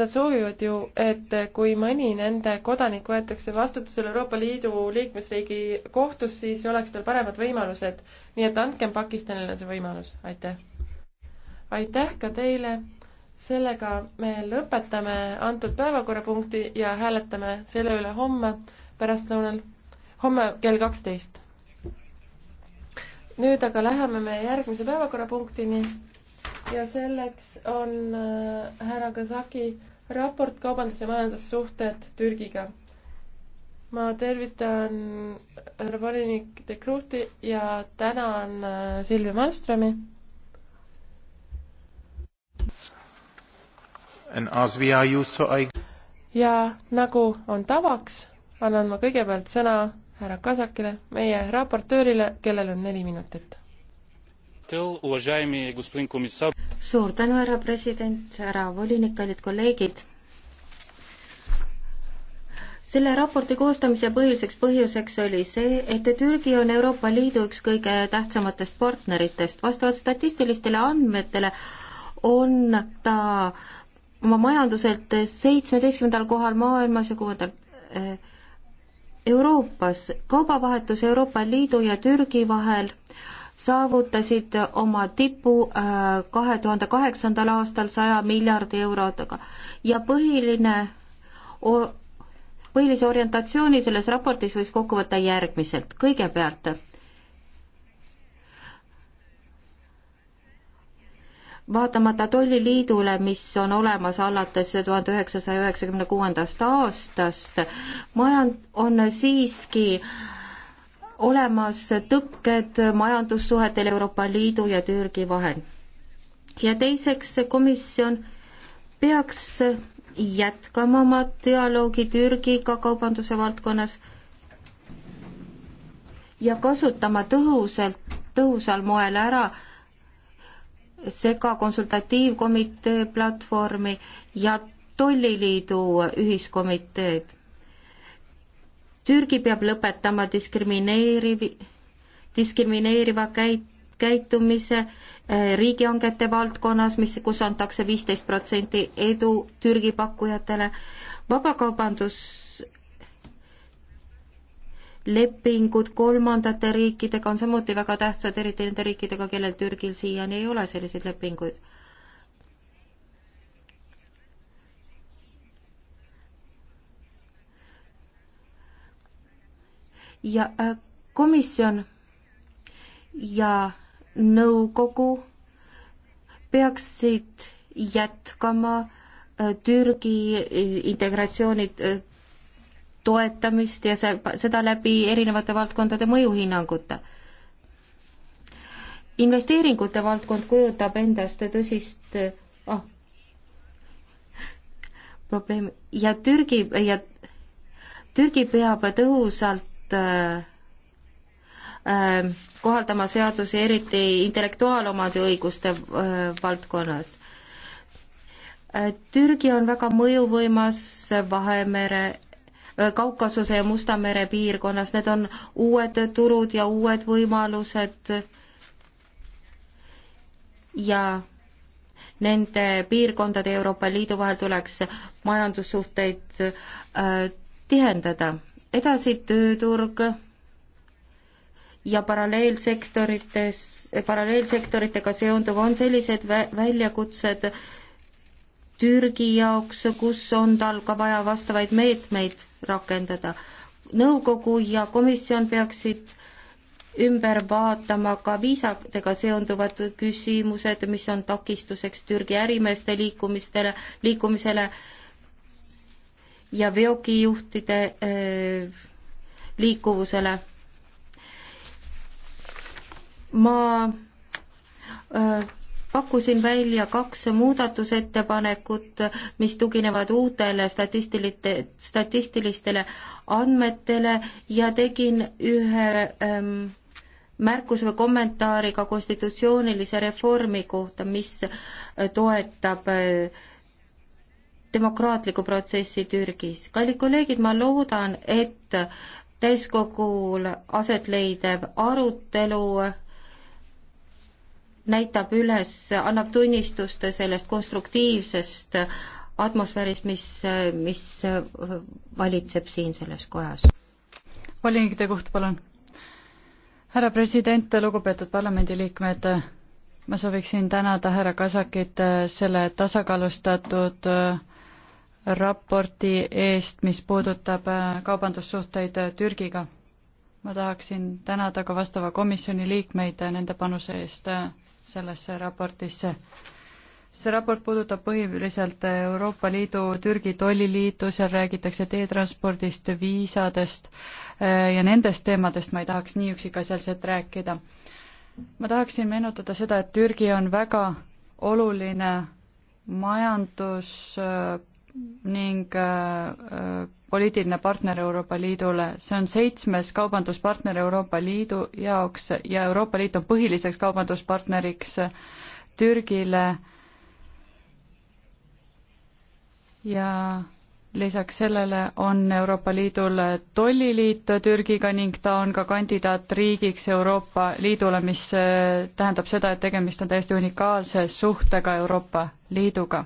Nad soovivad ju, et kui mõni nende kodanik võetakse vastutusele Euroopa Liidu liikmesriigi kohtus, siis oleks tal paremad võimalused. nii et andkem Pakistanile see võimalus, aitäh! aitäh ka teile, sellega me lõpetame antud päevakorrapunkti ja hääletame selle üle homme pärastlõunal, homme kell kaksteist. nüüd aga läheme me järgmise päevakorrapunktini ja selleks on äh, härra Kasaki raport Kaubandus- ja majandussuhted Türgiga. ma tervitan härra volinik De Kruhti ja tänan äh, Silvia Malmströmi. ja nagu on tavaks, annan ma kõigepealt sõna härra Kasakile, meie raportöörile, kellel on neli minutit председател, уважаеми господин комисар. Suur tänu, härra president, härra volinik, kallid kolleegid. selle raporti koostamise põhiliseks põhjuseks oli see, et Türgi on Euroopa Liidu üks kõige tähtsamatest partneritest. vastavalt statistilistele andmetele on ta oma majanduselt seitsmeteistkümnendal kohal maailmas ja kuuendal eh, Euroopas. kaubavahetus Euroopa Liidu ja Türgi vahel saavutasid oma tipu äh, kahe tuhande kaheksandal aastal saja miljardi eurodega ja põhiline, põhilise orientatsiooni selles raportis võiks kokku võtta järgmiselt, kõigepealt vaatamata tolliliidule, mis on olemas alates tuhande üheksasaja üheksakümne kuuendast aastast, majand on siiski äh, olemas tõkked majandussuhetel Euroopa Liidu ja Türgi vahel. ja teiseks, komisjon peaks jätkama oma dialoogi Türgiga kaubanduse valdkonnas ja kasutama tõhusalt, tõhusal moel ära sega konsultatiivkomitee platvormi ja tolliliidu ühiskomiteed Türgi peab lõpetama diskrimineeriv, diskrimineeriva käit-, käitumise äh, riigihangete valdkonnas, mis, kus antakse viisteist protsenti edu Türgi pakkujatele. vabakaubanduslepingud kolmandate riikidega on samuti väga tähtsad, eriti nende riikidega, kellel Türgil siiani ei ole selliseid lepinguid ja äh, komisjon ja nõukogu peaksid jätkama äh, Türgi äh, integratsiooni toetamist ja see, seda läbi erinevate valdkondade mõjuhinnangute. investeeringute valdkond kujutab endast tõsist oh, probleemi ja Türgi ja Türgi peab tõhusalt Äh, äh, kohaldama seadusi eriti intellektuaalomandi õiguste äh, valdkonnas. Türgi on väga mõjuvõimas Vahemere, Kaukasuse ja Musta mere piirkonnas, need on uued turud ja uued võimalused ja nende piirkondade Euroopa Liidu vahel tuleks majandussuhteid tihendada edasi tööturg ja paralleelsektorites, paralleelsektoritega seonduv on sellised vä-, väljakutsed Türgi jaoks, kus on tal ka vaja vastavaid meetmeid rakendada. nõukogu ja komisjon peaksid ümber vaatama ka viisadega seonduvad küsimused, mis on takistuseks Türgi ärimeeste liikumistele, liikumisele, liikumisele ja veokijuhtide äh, liikuvusele. ma äh, pakkusin välja kaks muudatusettepanekut, mis tuginevad uutele statistilite, statistilistele andmetele ja tegin ühe ähm, märkuse või kommentaari ka konstitutsioonilise reformi kohta, mis äh, toetab äh, demokraatliku protsessi Türgis. kallid kolleegid, ma loodan, et täiskogul aset leidev arutelu näitab üles, annab tunnistust sellest konstruktiivsest atmosfäärist, mis, mis valitseb siin selles kojas. volinikide koht, palun. härra president, lugupeetud parlamendiliikmed, ma sooviksin tänada härra Kasakit selle tasakaalustatud äh, raporti eest, mis puudutab äh, kaubandussuhteid äh, Türgiga. ma tahaksin tänada ka vastava komisjoni liikmeid äh, nende panuse eest sellesse raportisse. see raport puudutab põhiliselt Euroopa Liidu, Türgi tolliliitu, seal räägitakse teetranspordist, viisadest ja nendest teemadest ma ei tahaks nii üksikasjaliselt rääkida. ma tahaksin meenutada seda, et Türgi on väga oluline majandus Mm. ning äh, äh, poliitiline partner Euroopa Liidule, see on seitsmes kaubanduspartner Euroopa Liidu jaoks ja Euroopa Liit on põhiliseks kaubanduspartneriks Türgile ja lisaks sellele on Euroopa Liidul tolliliit Türgiga ning ta on ka kandidaatriigiks Euroopa Liidule, mis äh, tähendab seda, et tegemist on täiesti unikaalse suhtega Euroopa Liiduga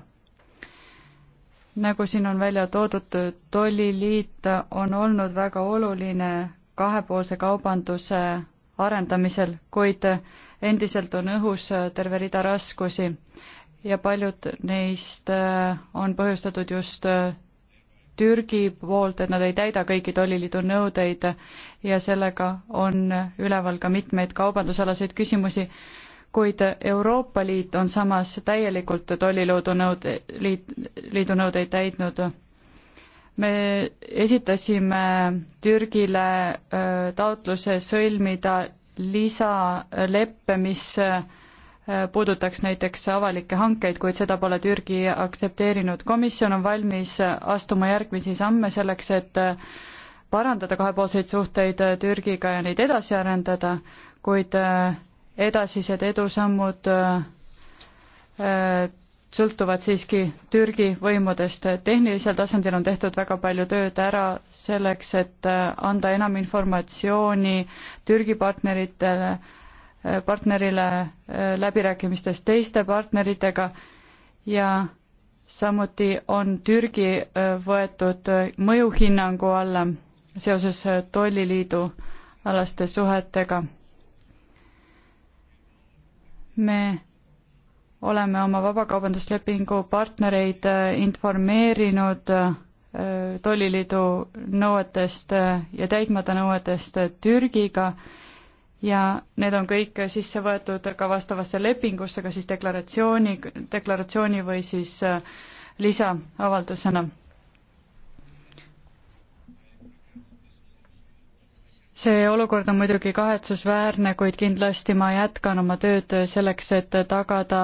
nagu siin on välja toodud, tolliliit on olnud väga oluline kahepoolse kaubanduse arendamisel, kuid endiselt on õhus terve rida raskusi ja paljud neist on põhjustatud just Türgi poolt, et nad ei täida kõiki tolliliidu nõudeid ja sellega on üleval ka mitmeid kaubandusalaseid küsimusi kuid Euroopa Liit on samas täielikult tolliliidu nõude, liit, liidu nõudeid täitnud. me esitasime Türgile taotluse sõlmida lisaleppe, mis puudutaks näiteks avalikke hankeid, kuid seda pole Türgi aktsepteerinud. komisjon on valmis astuma järgmisi samme selleks, et parandada kahepoolseid suhteid Türgiga ja neid edasi arendada, kuid edasised edusammud äh, äh, sõltuvad siiski Türgi võimudest. tehnilisel tasandil on tehtud väga palju tööd ära selleks, et äh, anda enam informatsiooni Türgi partneritele, partnerile läbirääkimistes teiste partneritega ja samuti on Türgi võetud mõjuhinnangu alla seoses tolliliidu alaste suhetega me oleme oma vabakaubanduslepingu partnereid äh, informeerinud äh, tolliliidu nõuetest äh, ja täitmata nõuetest Türgiga ja need on kõik sisse võetud ka vastavasse lepingusse, kas siis deklaratsiooni, deklaratsiooni või siis lisaavaldusena see olukord on muidugi kahetsusväärne, kuid kindlasti ma jätkan oma tööd selleks, et tagada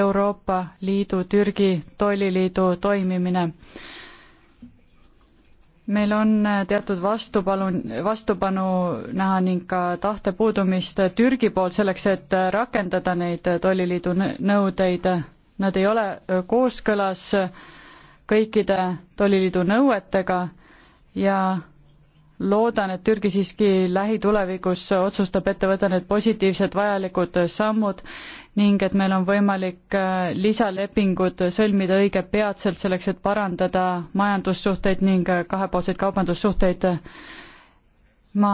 Euroopa Liidu, Türgi tolliliidu toimimine. meil on teatud vastupalu, vastupanu näha ning ka tahte puudumist Türgi poolt selleks, et rakendada neid tolliliidu nõudeid. Nad ei ole kooskõlas kõikide tolliliidu nõuetega ja loodan, et Türgi siiski lähitulevikus otsustab ette võtta need positiivsed vajalikud sammud ning et meil on võimalik äh, lisalepingud sõlmida õige peatselt selleks, et parandada majandussuhteid ning äh, kahepoolseid kaubandussuhteid. ma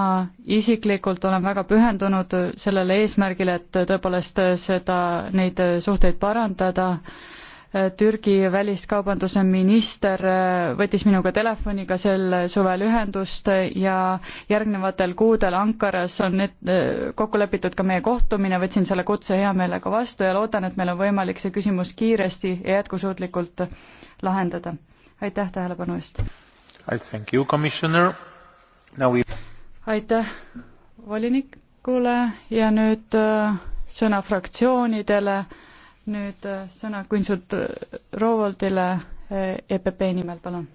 isiklikult olen väga pühendunud sellele eesmärgile, et tõepoolest seda, neid suhteid parandada Türgi väliskaubanduse minister äh, võttis minuga telefoniga sel suvel ühendust ja järgnevatel kuudel Ankaras on need äh, kokku lepitud ka meie kohtumine, võtsin selle kutse hea meelega vastu ja loodan, et meil on võimalik see küsimus kiiresti ja jätkusuutlikult lahendada. aitäh tähelepanu eest! We... aitäh volinikule ja nüüd äh, sõna fraktsioonidele nüüd äh, sõna Kunsut äh, Roovoldile äh, EPP nimel, palun.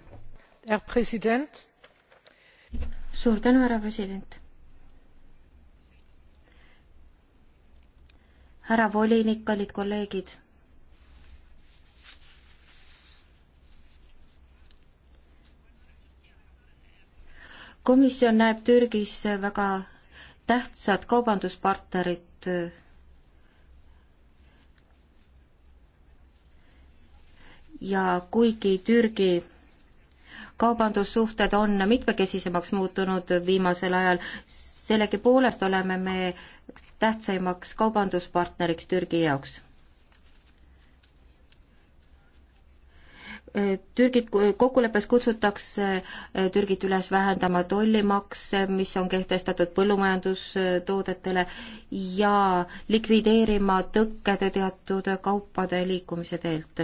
suur tänu, härra president. härra volinik, kallid kolleegid. komisjon näeb Türgis väga tähtsat kaubanduspartnerit ja kuigi Türgi kaubandussuhted on mitmekesisemaks muutunud viimasel ajal, sellegipoolest oleme me tähtsaimaks kaubanduspartneriks Türgi jaoks. Türgit, kokkuleppes kutsutakse eh, Türgit üles vähendama tollimakse, mis on kehtestatud põllumajandustoodetele ja likvideerima tõkked teatud kaupade liikumise teelt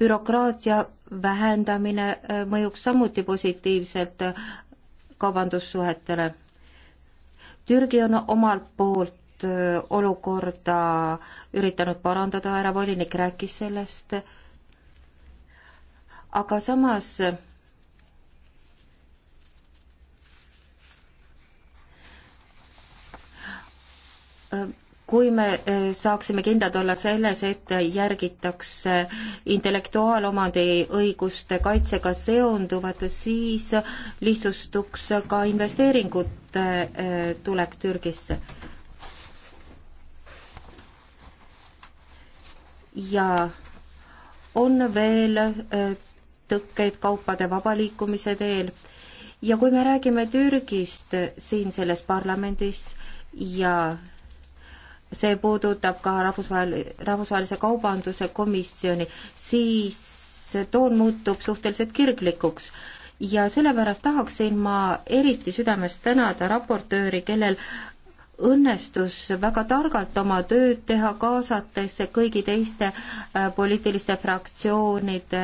bürokraatia vähendamine äh, mõjuks samuti positiivselt äh, kaubandussuhetele. Türgi on omalt poolt äh, olukorda üritanud parandada, härra volinik rääkis sellest, aga samas äh, kui me äh, saaksime kindlad olla selles, et järgitakse intellektuaalomandi õiguste kaitsega seonduvat, siis lihtsustuks ka investeeringute äh, tulek Türgisse. ja on veel äh, tõkkeid kaupade vaba liikumise teel ja kui me räägime Türgist siin selles parlamendis ja see puudutab ka rahvusvahel, rahvusvahelise kaubanduse komisjoni, siis toon muutub suhteliselt kirglikuks ja sellepärast tahaksin ma eriti südamest tänada raportööri, kellel õnnestus väga targalt oma tööd teha, kaasates kõigi teiste äh, poliitiliste fraktsioonide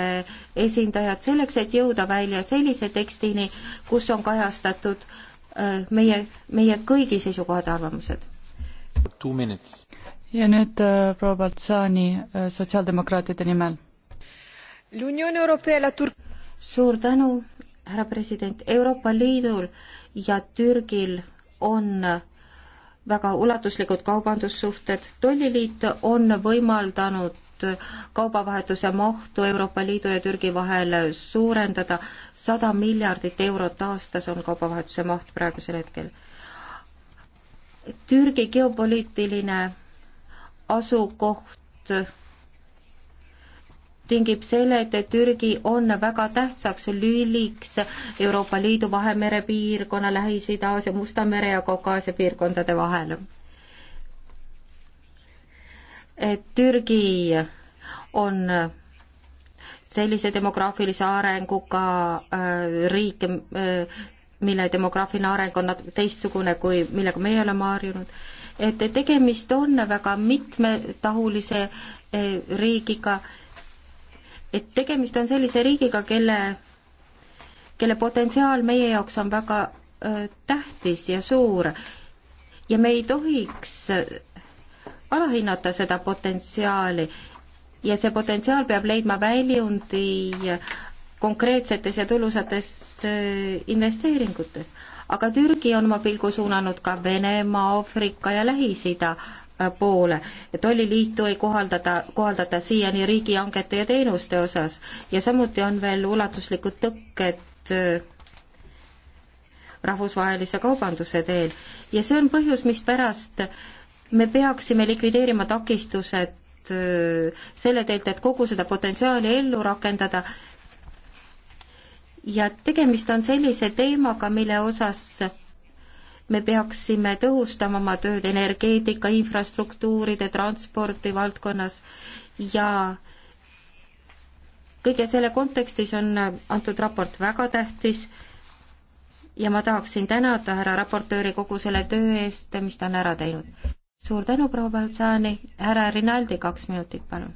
esindajad selleks, et jõuda välja sellise tekstini, kus on kajastatud äh, meie, meie kõigi seisukohad ja arvamused ja nüüd äh, proua Baltsani äh, sotsiaaldemokraatide nimel. E suur tänu, härra president, Euroopa Liidul ja Türgil on äh, väga ulatuslikud kaubandussuhted. tolliliit on võimaldanud kaubavahetuse mahtu Euroopa Liidu ja Türgi vahel suurendada. sada miljardit eurot aastas on kaubavahetuse maht praegusel hetkel. Türgi geopoliitiline asukoht tingib selle, et Türgi on väga tähtsaks lüliks Euroopa Liidu Vahemere piirkonna, Lähis-Ida, Aasia, Musta mere ja Kaukaasia piirkondade vahel. et Türgi on sellise demograafilise arenguga äh, riik, äh, mille demograafiline areng on natuke teistsugune kui millega meie oleme harjunud, et tegemist on väga mitmetahulise eh, riigiga, et tegemist on sellise riigiga, kelle, kelle potentsiaal meie jaoks on väga eh, tähtis ja suur ja me ei tohiks eh, alahinnata seda potentsiaali ja see potentsiaal peab leidma väljundi konkreetsetes ja tulusates äh, investeeringutes. aga Türgi on oma pilgu suunanud ka Venemaa, Aafrika ja Lähis-Ida äh, poole. tolliliitu ei kohaldada, kohaldata siiani riigihangete ja teenuste osas ja samuti on veel ulatuslikud tõkked äh, rahvusvahelise kaubanduse teel ja see on põhjus, mispärast me peaksime likvideerima takistused selle teelt, et kogu seda potentsiaali ellu rakendada ja tegemist on sellise teemaga, mille osas me peaksime tõhustama oma tööd energeetika, infrastruktuuride, transpordi valdkonnas ja kõige selle kontekstis on antud raport väga tähtis ja ma tahaksin tänada härra raportööri kogu selle töö eest, mis ta on ära teinud. suur tänu, proua Baltsaani, härra Rinaldi, kaks minutit, palun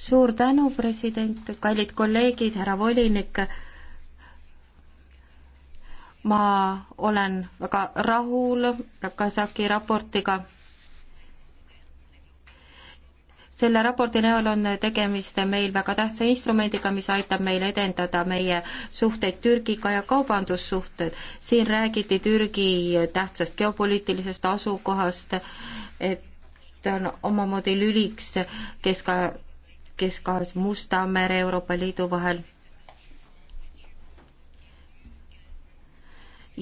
suur tänu, president, kallid kolleegid, härra volinik. ma olen väga rahul Kasaki raportiga. selle raporti näol on tegemist meil väga tähtsa instrumendiga, mis aitab meil edendada meie suhteid Türgiga ja kaubandussuhted. siin räägiti Türgi tähtsast geopoliitilisest asukohast, et ta on omamoodi lüliks kesk- Kesk-Aas, Musta mere Euroopa Liidu vahel.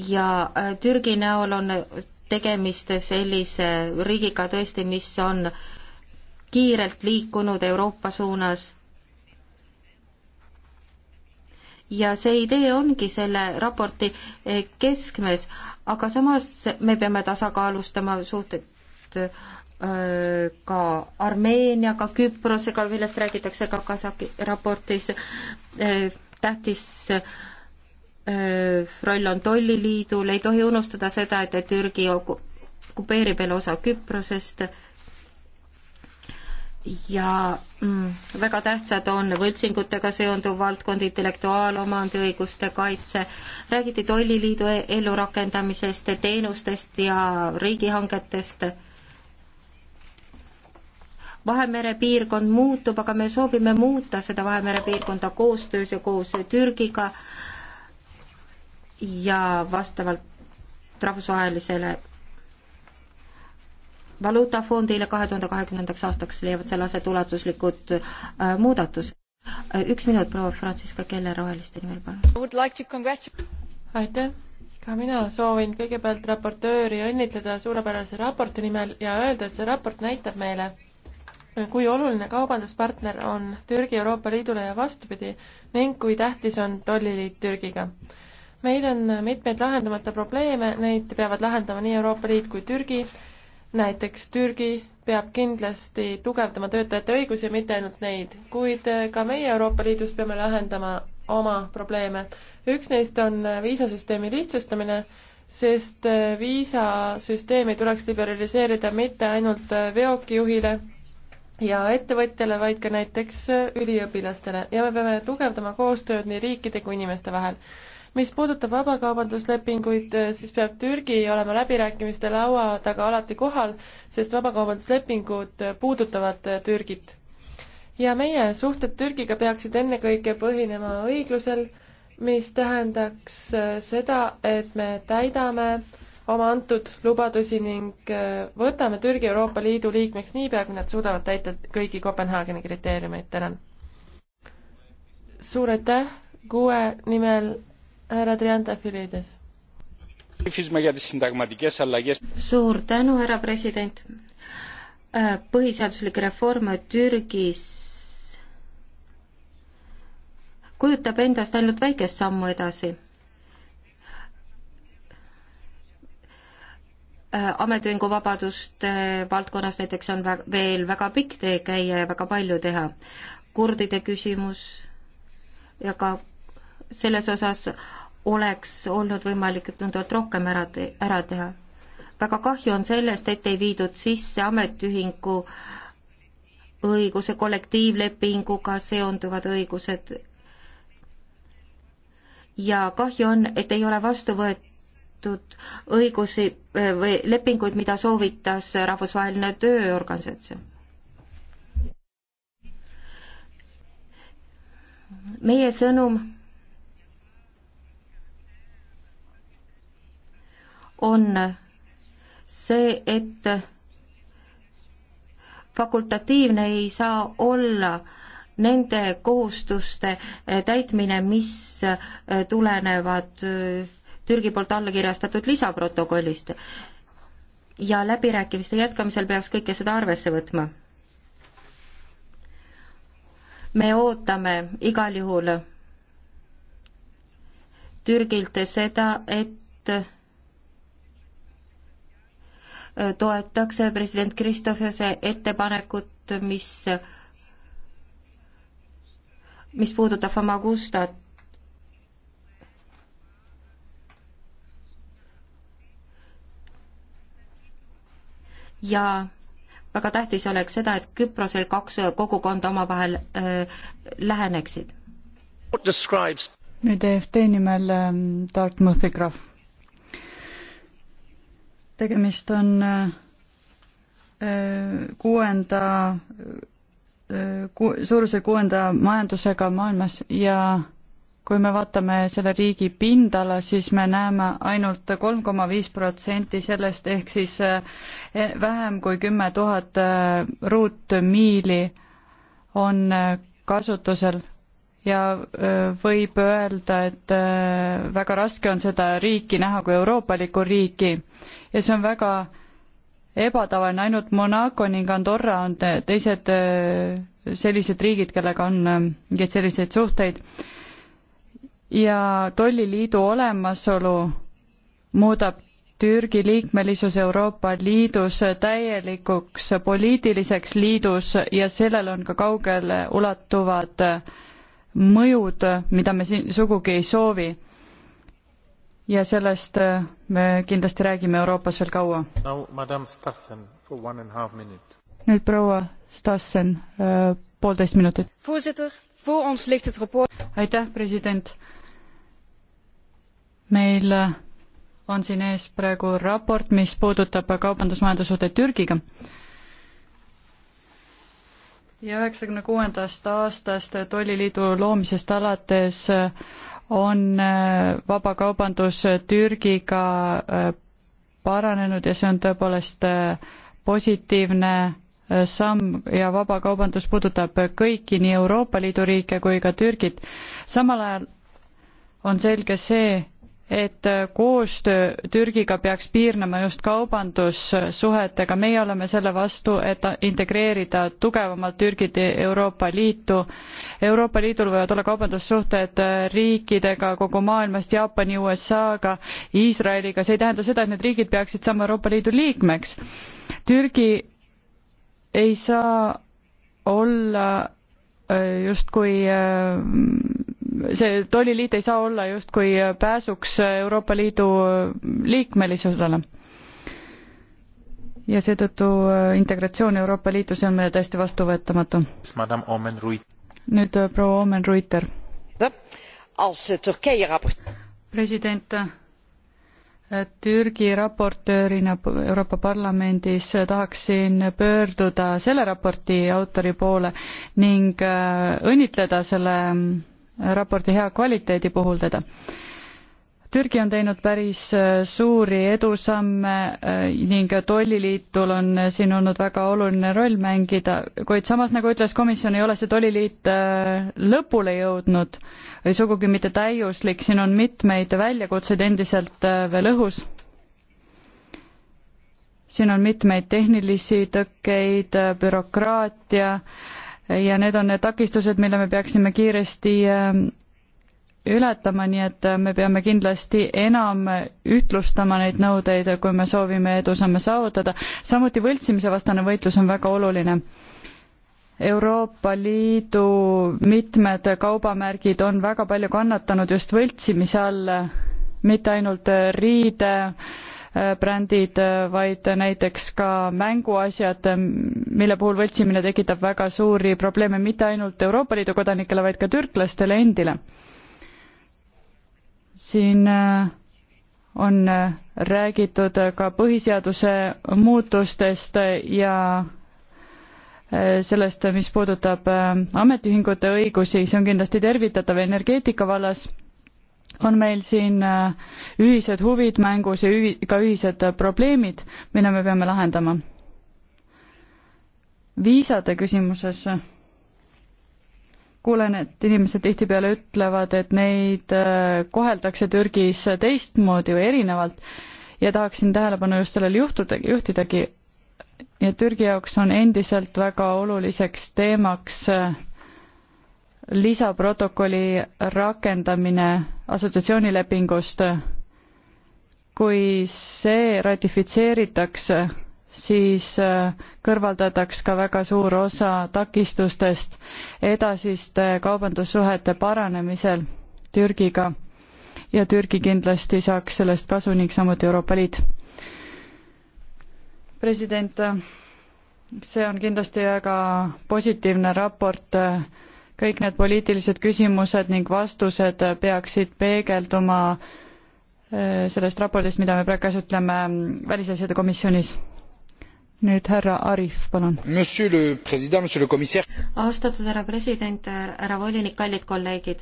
ja äh, Türgi näol on tegemist sellise riigiga tõesti, mis on kiirelt liikunud Euroopa suunas. ja see idee ongi selle raporti äh, keskmes, aga samas me peame tasakaalustama suhted äh, ka Armeeniaga, Küprosega, millest räägitakse ka Kasaki raportis. tähtis roll on tolliliidul, ei tohi unustada seda, et, et Türgi okupeerib veel osa Küprosest ja mm, väga tähtsad on võltsingutega seonduv valdkond, intellektuaalomandi õiguste kaitse, räägiti tolliliidu e-, ellurakendamisest, teenustest ja riigihangetest Vahemere piirkond muutub, aga me soovime muuta seda Vahemere piirkonda koostöös ja koos Türgiga ja vastavalt rahvusvahelisele valuutafondile kahe tuhande kahekümnendaks aastaks leiavad selle aset ulatuslikud äh, muudatused. Äh, üks minut, proua Franziska Keller Roheliste nimel, palun like. aitäh, ka mina soovin kõigepealt raportööri õnnitleda suurepärase raporti nimel ja öelda, et see raport näitab meile, kui oluline kaubanduspartner on Türgi Euroopa Liidule ja vastupidi ning kui tähtis on tolliliit Türgiga. meil on mitmeid lahendamata probleeme, neid peavad lahendama nii Euroopa Liit kui Türgi, näiteks Türgi peab kindlasti tugevdama töötajate õigusi ja mitte ainult neid, kuid ka meie Euroopa Liidus peame lahendama oma probleeme. üks neist on viisasüsteemi lihtsustamine, sest viisasüsteemi tuleks liberaliseerida mitte ainult veokijuhile ja ettevõtjale, vaid ka näiteks üliõpilastele ja me peame tugevdama koostööd nii riikide kui inimeste vahel. mis puudutab vabakaubanduslepinguid, siis peab Türgi olema läbirääkimiste laua taga alati kohal, sest vabakaubanduslepingud puudutavad Türgit. ja meie suhted Türgiga peaksid ennekõike põhinema õiglusel, mis tähendaks seda, et me täidame äh, oma antud lubadusi ning äh, võtame Türgi Euroopa Liidu liikmeks niipea, kui nad suudavad täita kõiki Kopenhaageni kriteeriumeid. tänan. suur aitäh, kuue nimel härra Triantafilides. suur tänu, härra president. Äh, põhiseaduslik reform Türgis kujutab endast ainult väikest sammu edasi Äh, ametiühinguvabaduste valdkonnas näiteks on vä-, veel väga pikk tee käia ja väga palju teha. kurdide küsimus ja ka selles osas oleks olnud võimalik tunduvalt rohkem ära te-, ära teha. väga kahju on sellest, et ei viidud sisse ametiühingu õiguse kollektiivlepinguga seonduvad õigused ja kahju on, et ei ole vastu võetud teatud õigusi eh, või lepinguid, mida soovitas Rahvusvaheline Tööorganisatsioon. meie sõnum on see, et fakultatiivne ei saa olla nende kohustuste eh, täitmine, mis eh, tulenevad Türgi poolt allakirjastatud lisaprotokollist. ja läbirääkimiste jätkamisel peaks kõike seda arvesse võtma. me ootame igal juhul Türgilt seda, et toetakse president Kristofese ettepanekut, mis, mis puudutab Famagustat ja väga tähtis oleks seda, et Küprosel kaks kogukonda omavahel äh, läheneksid. nüüd EFT nimel äh, Dartmouthi krahv. tegemist on äh, äh kuuenda äh, äh, ku-, suuruse kuuenda majandusega maailmas ja äh, kui me vaatame selle riigi pindala, siis me näeme ainult kolm koma viis protsenti sellest, ehk siis eh, vähem kui kümme tuhat eh, ruutmiili on eh, kasutusel ja võib öelda, et väga raske on seda riiki näha kui euroopalikku riiki ja see on väga ebatavaline, ainult Monaco ning Andorra on teised sellised riigid, kellega on mingeid selliseid suhteid ja tolliliidu olemasolu muudab Türgi liikmelisus Euroopa Liidus täielikuks poliitiliseks liidus ja sellel on ka kaugele ulatuvad mõjud, mida me siin sugugi ei soovi. ja sellest me kindlasti räägime Euroopas veel kaua. nüüd proua Stassen, äh, poolteist minutit. aitäh, president meil on siin ees praegu raport, mis puudutab kaubandus-majandussuhteid Türgiga. ja üheksakümne kuuendast aastast tolliliidu loomisest alates on äh, vabakaubandus Türgiga äh, paranenud ja see on tõepoolest äh, positiivne samm ja vabakaubandus puudutab kõiki, nii Euroopa Liidu riike kui ka Türgit. samal ajal on selge see, et koostöö Türgiga peaks piirnema just kaubandussuhetega, meie oleme selle vastu, et integreerida tugevamalt Türgit Euroopa Liitu. Euroopa Liidul võivad olla kaubandussuhted riikidega kogu maailmast, Jaapani, USA-ga, Iisraeliga, see ei tähenda seda, et need riigid peaksid saama Euroopa Liidu liikmeks. Türgi ei saa olla äh, justkui äh, see tolliliit ei saa olla justkui pääsuks Euroopa Liidu liikmelisusele. ja seetõttu integratsioon Euroopa Liitu, see on meile täiesti vastuvõetamatu. nüüd äh, proua Omen Ruiter. Äh, president, äh, Türgi raportöörina Euroopa Parlamendis tahaksin pöörduda selle raporti autori poole ning õnnitleda selle raporti hea kvaliteedi puhul teda. Türgi on teinud päris äh, suuri edusamme äh, ning tolliliitul on äh, siin olnud väga oluline roll mängida, kuid samas, nagu ütles komisjon, ei ole see tolliliit lõpule jõudnud või sugugi mitte täiuslik, siin on mitmeid väljakutseid endiselt veel õhus siin on mitmeid tehnilisi tõkkeid, bürokraatia, ja need on need takistused, mille me peaksime kiiresti äh, ületama, nii et äh, me peame kindlasti enam ühtlustama neid nõudeid, kui me soovime edusamme saavutada. samuti võltsimise vastane võitlus on väga oluline. Euroopa Liidu mitmed kaubamärgid on väga palju kannatanud just võltsimise all, mitte ainult riide, brändid, vaid näiteks ka mänguasjad, mille puhul võltsimine tekitab väga suuri probleeme mitte ainult Euroopa Liidu kodanikele, vaid ka türklastele endile. siin äh, on äh, räägitud ka põhiseaduse muutustest ja äh, sellest, mis puudutab ametiühingute õigusi, see on kindlasti tervitatav energeetika vallas on meil siin äh, ühised huvid mängus ja ühi-, ka ühised äh, probleemid, mille me peame lahendama. viisade küsimuses äh, kuulen, et inimesed tihtipeale ütlevad, et neid koheldakse Türgis teistmoodi või erinevalt ja tahaksin tähelepanu just sellele juhtuda, juhtidagi. ja Türgi jaoks on endiselt väga oluliseks teemaks lisaprotokolli rakendamine assotsiatsioonilepingust. kui see ratifitseeritakse, siis äh, kõrvaldataks ka väga suur osa takistustest edasiste kaubandussuhete paranemisel Türgiga ja Türgi kindlasti saaks sellest kasu ning samuti Euroopa Liit. president, see on kindlasti väga positiivne raport äh, kõik need poliitilised küsimused ning vastused peaksid peegelduma äh, sellest raportist, mida me praegu käsitleme Välisasjade komisjonis. nüüd härra Arif, palun. austatud härra president, härra volinik, kallid kolleegid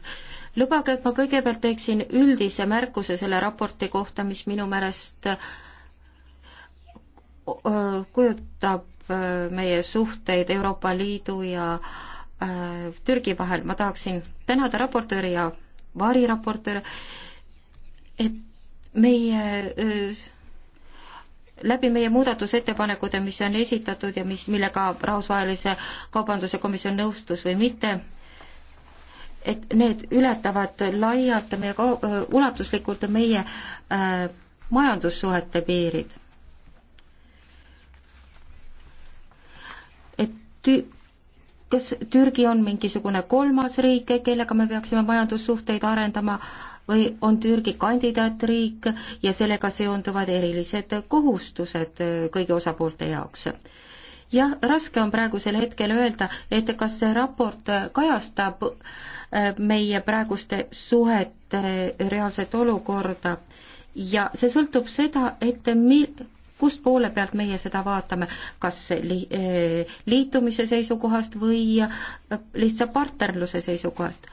lubage, et ma kõigepealt teeksin üldise märkuse selle raporti kohta, mis minu meelest äh, kujutab äh, meie suhteid Euroopa Liidu ja Äh, Türgi vahel, ma tahaksin tänada raportööri ja variraportööre, et meie, äh, läbi meie muudatusettepanekud ja mis on esitatud ja mis, millega Rahvusvahelise Kaubanduse Komisjon nõustus või mitte, et need ületavad laialt meie, äh, ulatuslikult meie äh, majandussuhete piirid. et tü-, kas Türgi on mingisugune kolmas riik, kellega me peaksime majandussuhteid arendama või on Türgi kandidaatriik ja sellega seonduvad erilised kohustused äh, kõigi osapoolte jaoks? jah, raske on praegusel hetkel öelda, et kas see raport kajastab äh, meie praeguste suhete äh, reaalset olukorda ja see sõltub seda, et mi-, kust poole pealt meie seda vaatame, kas li, eh, liitumise seisukohast või eh, lihtsa partnerluse seisukohast.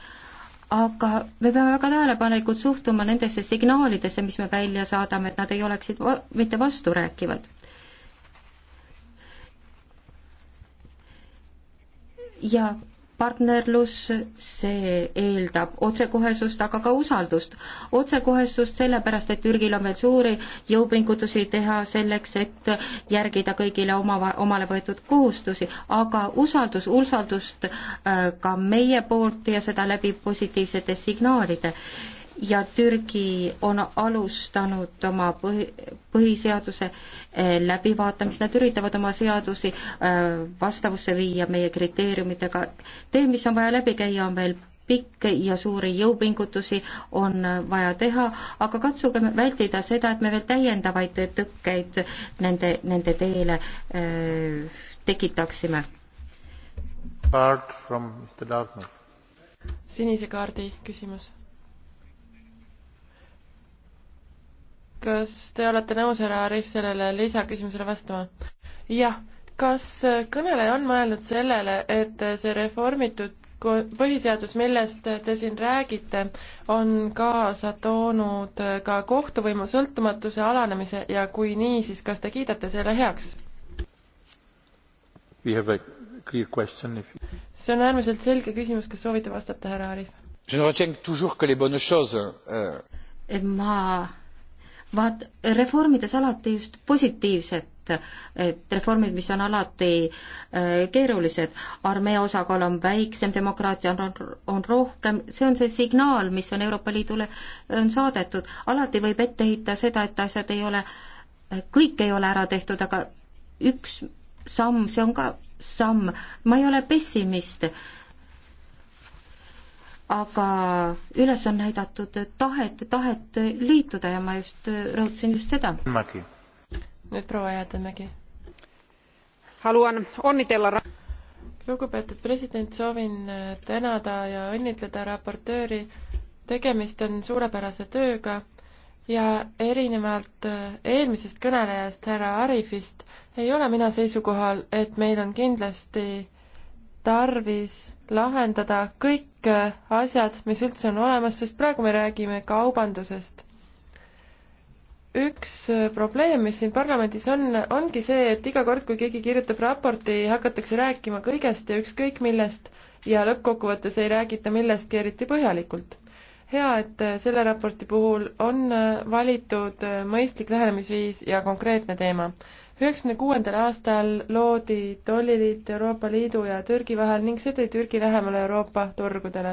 aga me peame väga tähelepanelikult suhtuma nendesse signaalidesse, mis me välja saadame, et nad ei oleksid va mitte vasturääkivad. ja partnerlus, see eeldab otsekohesust, aga ka usaldust. otsekohesust sellepärast, et Türgil on veel suuri jõupingutusi teha selleks, et järgida kõigile oma, omale võetud kohustusi, aga usaldus, usaldust äh, ka meie poolt ja seda läbi positiivsete signaalide ja Türgi on alustanud oma põhi, põhiseaduse eh, läbivaatamist, nad üritavad oma seadusi eh, vastavusse viia meie kriteeriumidega. tee, mis on vaja läbi käia, on veel pikk ja suuri jõupingutusi on vaja teha, aga katsuge vältida seda, et me veel täiendavaid tõkkeid nende, nende teele öö, eh, tekitaksime. sinise kaardi küsimus kas te olete nõus, härra Arif, sellele lisaküsimusele vastama? jah, kas äh, kõneleja on mõelnud sellele, et äh, see reformitud põhiseadus, millest te siin räägite, on kaasa toonud äh, ka kohtuvõimu sõltumatuse alanemise ja kui nii, siis kas te kiidate selle heaks? see on äärmiselt selge küsimus, kas soovite vastata, härra Arif? Euh, ma vaat reformides alati just positiivset et reformid, mis on alati äh, keerulised, armee osakaal on väiksem, demokraatia on, on rohkem, see on see signaal, mis on Euroopa Liidule, äh, on saadetud. alati võib ette heita seda, et asjad ei ole, äh, kõik ei ole ära tehtud, aga üks samm, see on ka samm. ma ei ole pessimist aga üles on näidatud tahet, tahet liituda ja ma just rõhutasin just seda. nüüd proua Jäätemägi. haluan onnitella lugupeetud president, soovin tänada ja õnnitleda raportööri. tegemist on suurepärase tööga ja erinevalt eelmisest kõnelejast, härra Arifist, ei ole mina seisukohal, et meil on kindlasti tarvis lahendada kõik äh, asjad, mis üldse on olemas, sest praegu me räägime kaubandusest. üks äh, probleem, mis siin parlamendis on, ongi see, et iga kord, kui keegi kirjutab raporti, hakatakse rääkima kõigest ja ükskõik millest ja lõppkokkuvõttes ei räägita millestki eriti põhjalikult. hea, et äh, selle raporti puhul on valitud mõistlik lähenemisviis ja konkreetne teema üheksakümne kuuendal aastal loodi tolliliit Euroopa Liidu ja Türgi vahel ning see tõi Türgi lähemale Euroopa turgudele.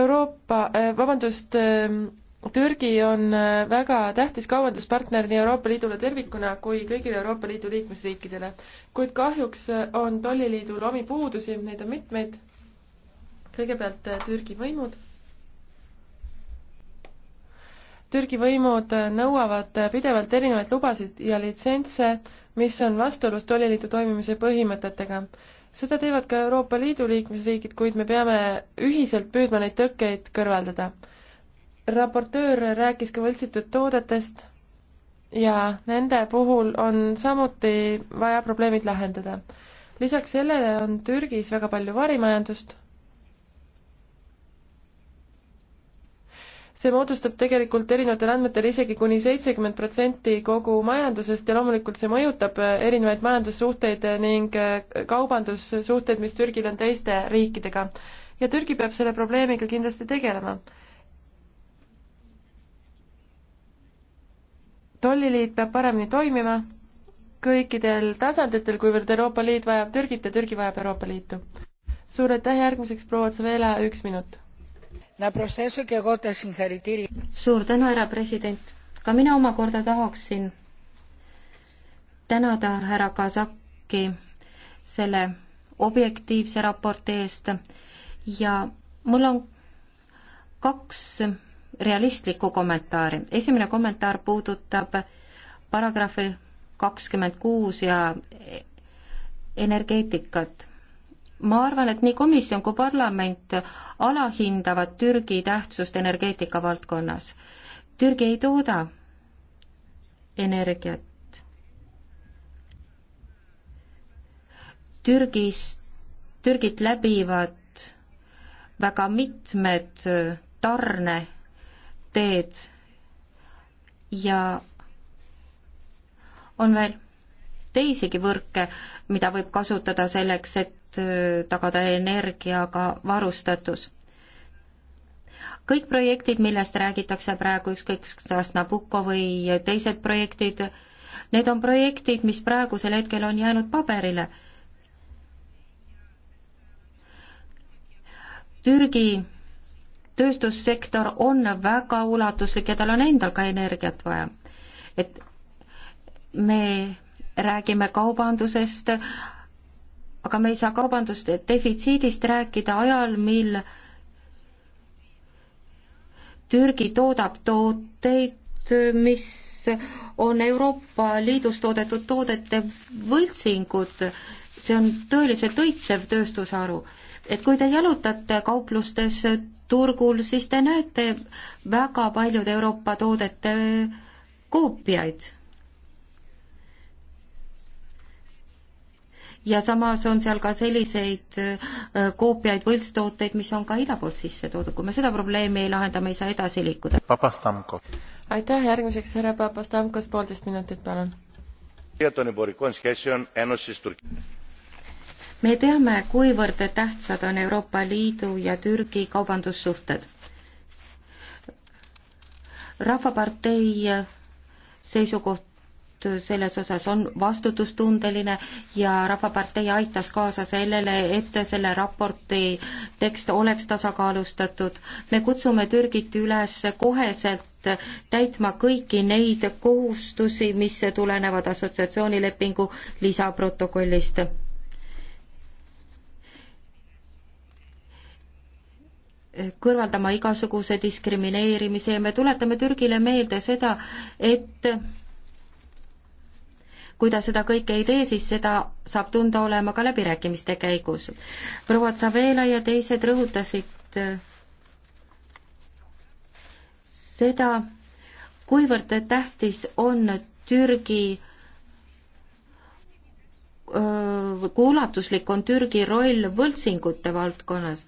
Euroopa, äh, vabandust, ähm, Türgi on äh, väga tähtis kaubanduspartner nii Euroopa Liidule tervikuna kui kõigile Euroopa Liidu liikmesriikidele. kuid kahjuks äh, on tolliliidul omi puudusi, neid on mitmeid. kõigepealt Türgi võimud Türgi võimud nõuavad pidevalt erinevaid lubasid ja litsentse, mis on vastuolus tolliliidu toimimise põhimõtetega. seda teevad ka Euroopa Liidu liikmesriigid, kuid me peame ühiselt püüdma neid tõkkeid kõrvaldada. raportöör rääkis ka võltsitud toodetest ja nende puhul on samuti vaja probleemid lahendada. lisaks sellele on Türgis väga palju varimajandust see moodustab tegelikult erinevatel andmetel isegi kuni seitsekümmend protsenti kogu majandusest ja loomulikult see mõjutab äh, erinevaid majandussuhteid äh, ning äh, kaubandussuhteid, mis Türgil on teiste riikidega. ja Türgi peab selle probleemiga kindlasti tegelema. tolliliit peab paremini toimima kõikidel tasanditel, kuivõrd Euroopa Liit vajab Türgit ja Türgi vajab Euroopa Liitu. suur aitäh, järgmiseks proua Tsavela, üks minut suur tänu, härra president. ka mina omakorda tahaksin tänada härra Kasaki selle objektiivse raporti eest ja mul on kaks realistlikku kommentaari. esimene kommentaar puudutab paragrahvi kakskümmend kuus ja energeetikat ma arvan, et nii komisjon kui parlament alahindavad Türgi tähtsust energeetika valdkonnas. Türgi ei tooda energiat. Türgis, Türgit läbivad väga mitmed äh, tarneteed ja on veel teisigi võrke, mida võib kasutada selleks, et et tagada energiaga varustatus. kõik projektid, millest räägitakse praegu, ükskõik kas Nabucco või teised projektid, need on projektid, mis praegusel hetkel on jäänud paberile. Türgi tööstussektor on väga ulatuslik ja tal on endal ka energiat vaja. et me räägime kaubandusest, aga me ei saa kaubandust defitsiidist rääkida ajal, mil Türgi toodab tooteid, mis on Euroopa Liidus toodetud toodete võltsingud, see on tõeliselt õitsev tööstusharu. et kui te jalutate kauplustes turgul, siis te näete väga paljude Euroopa toodete koopiaid ja samas on seal ka selliseid äh, koopiaid, võltstooteid, mis on ka ida poolt sisse toodud, kui me seda probleemi ei lahenda, me ei saa edasi liikuda. aitäh, järgmiseks härra Papastamkos, poolteist minutit, palun. me teame, kuivõrd tähtsad on Euroopa Liidu ja Türgi kaubandussuhted. rahvapartei seisukoht selles osas on vastutustundeline ja Rahvapartei aitas kaasa sellele, et selle raporti tekst oleks tasakaalustatud. me kutsume Türgit üles koheselt täitma kõiki neid kohustusi, mis tulenevad assotsiatsioonilepingu lisaprotokollist. kõrvaldama igasuguse diskrimineerimise ja me tuletame Türgile meelde seda, et kui ta seda kõike ei tee, siis seda saab tunda olema ka läbirääkimiste käigus. proua Tsavela ja teised rõhutasid äh, seda, kuivõrd tähtis on Türgi äh, kui ulatuslik on Türgi roll võltsingute valdkonnas.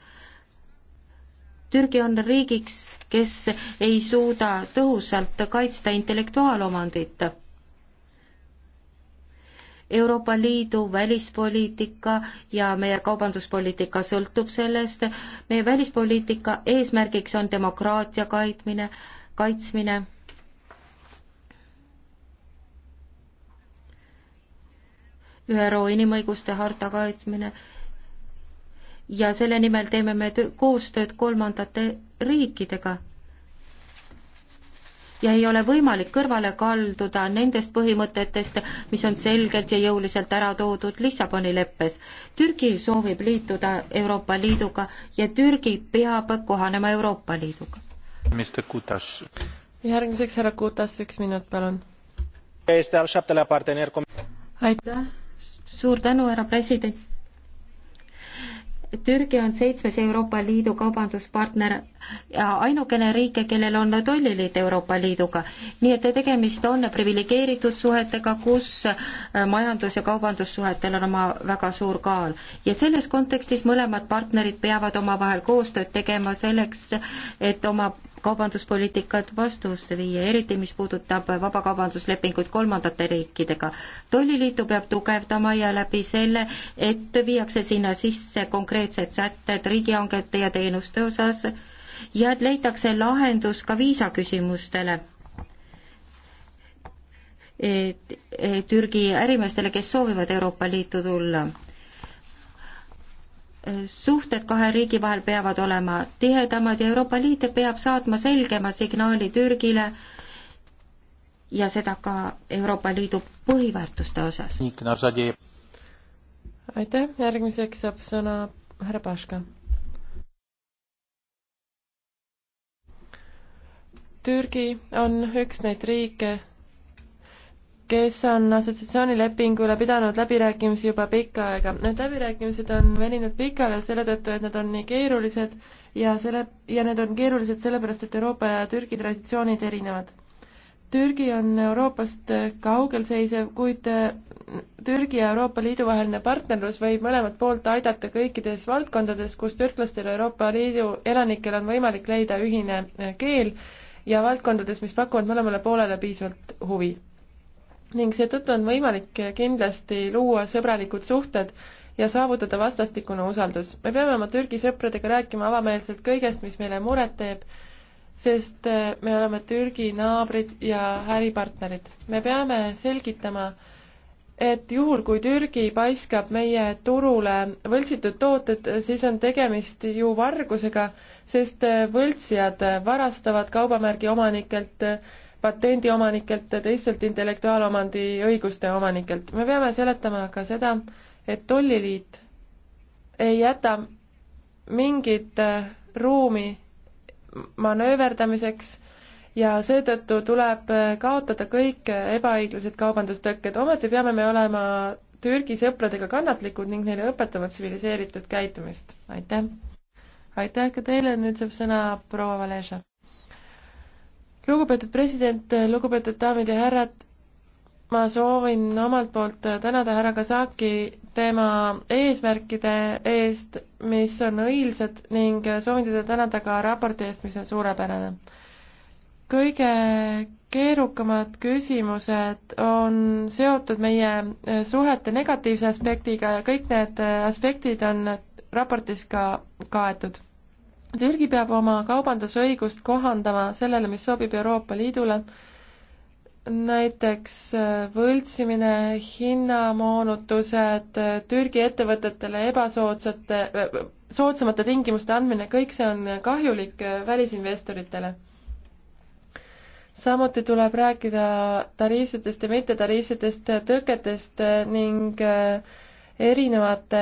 Türgi on riigiks, kes ei suuda tõhusalt kaitsta intellektuaalomandit. Euroopa Liidu välispoliitika ja meie kaubanduspoliitika sõltub sellest. meie välispoliitika eesmärgiks on demokraatia kaitmine, kaitsmine. ÜRO inimõiguste harta kaitsmine ja selle nimel teeme me koostööd kolmandate riikidega ja ei ole võimalik kõrvale kalduda nendest põhimõtetest, mis on selgelt ja jõuliselt ära toodud Lissaboni leppes. Türgi soovib liituda Euroopa Liiduga ja Türgi peab kohanema Euroopa Liiduga. järgmiseks härra Kutas, üks minut, palun. aitäh, suur tänu, härra president Türgi on seitsmes Euroopa Liidu kaubanduspartner ja ainukene riik, kellel on tolliliit Euroopa Liiduga. nii et tegemist on priviligeeritud suhetega, kus äh, majandus- ja kaubandussuhetel on oma väga suur kaal. ja selles kontekstis mõlemad partnerid peavad omavahel koostööd tegema selleks, et oma kaubanduspoliitikat vastuusse viia, eriti mis puudutab vabakaubanduslepinguid kolmandate riikidega. tolliliitu peab tugevdama ja läbi selle, et viiakse sinna sisse konkreetsed sätted riigihangete ja teenuste osas ja et leitakse lahendus ka viisaküsimustele Türgi ärimeestele, kes soovivad Euroopa Liitu tulla suhted kahe riigi vahel peavad olema tihedamad ja Euroopa Liit peab saatma selgema signaali Türgile ja seda ka Euroopa Liidu põhiväärtuste osas. aitäh, järgmiseks saab sõna härra Paška. Türgi on üks neid riike, kes on assotsiatsioonilepingu üle pidanud läbirääkimisi juba pikka aega. Need läbirääkimised on veninud pikale selle tõttu, et nad on nii keerulised ja selle, ja need on keerulised sellepärast, et Euroopa ja Türgi traditsioonid erinevad. Türgi on Euroopast kaugel seisev, kuid Türgi ja Euroopa Liidu vaheline partnerlus võib mõlemat poolt aidata kõikides valdkondades, kus türklastel ja Euroopa Liidu elanikel on võimalik leida ühine keel ja valdkondades, mis pakuvad mõlemale poolele piisavalt huvi ning seetõttu on võimalik kindlasti luua sõbralikud suhted ja saavutada vastastikune usaldus. me peame oma Türgi sõpradega rääkima avameelselt kõigest, mis meile muret teeb, sest äh, me oleme Türgi naabrid ja äripartnerid. me peame selgitama, et juhul, kui Türgi paiskab meie turule võltsitud tooted, siis on tegemist ju vargusega, sest äh, võltsijad varastavad kaubamärgi omanikelt patendiomanikelt, teistelt intellektuaalomandi õiguste omanikelt. me peame seletama ka seda, et tolliliit ei jäta mingit äh, ruumi manööverdamiseks ja seetõttu tuleb äh, kaotada kõik äh, ebaõiglased kaubandustõkked, ometi peame me olema Türgi sõpradega kannatlikud ning neile õpetama tsiviliseeritud käitumist. aitäh! aitäh ka teile, nüüd saab sõna proua Valeša lugupeetud president, lugupeetud daamid ja härrad, ma soovin omalt poolt tänada härra Kasaki tema eesmärkide eest, mis on õilsad ning soovin teda tänada ka raporti eest, mis on suurepärane. kõige keerukamad küsimused on seotud meie suhete negatiivse aspektiga ja kõik need aspektid on raportis ka kaetud Türgi peab oma kaubandusõigust kohandama sellele, mis sobib Euroopa Liidule, näiteks äh, võltsimine, hinnamoonutused, äh, Türgi ettevõtetele ebasoodsate, äh, soodsamate tingimuste andmine, kõik see on kahjulik välisinvestoritele samuti tuleb rääkida tariifsetest ja mittetariifsetest tõketest ning äh, erinevate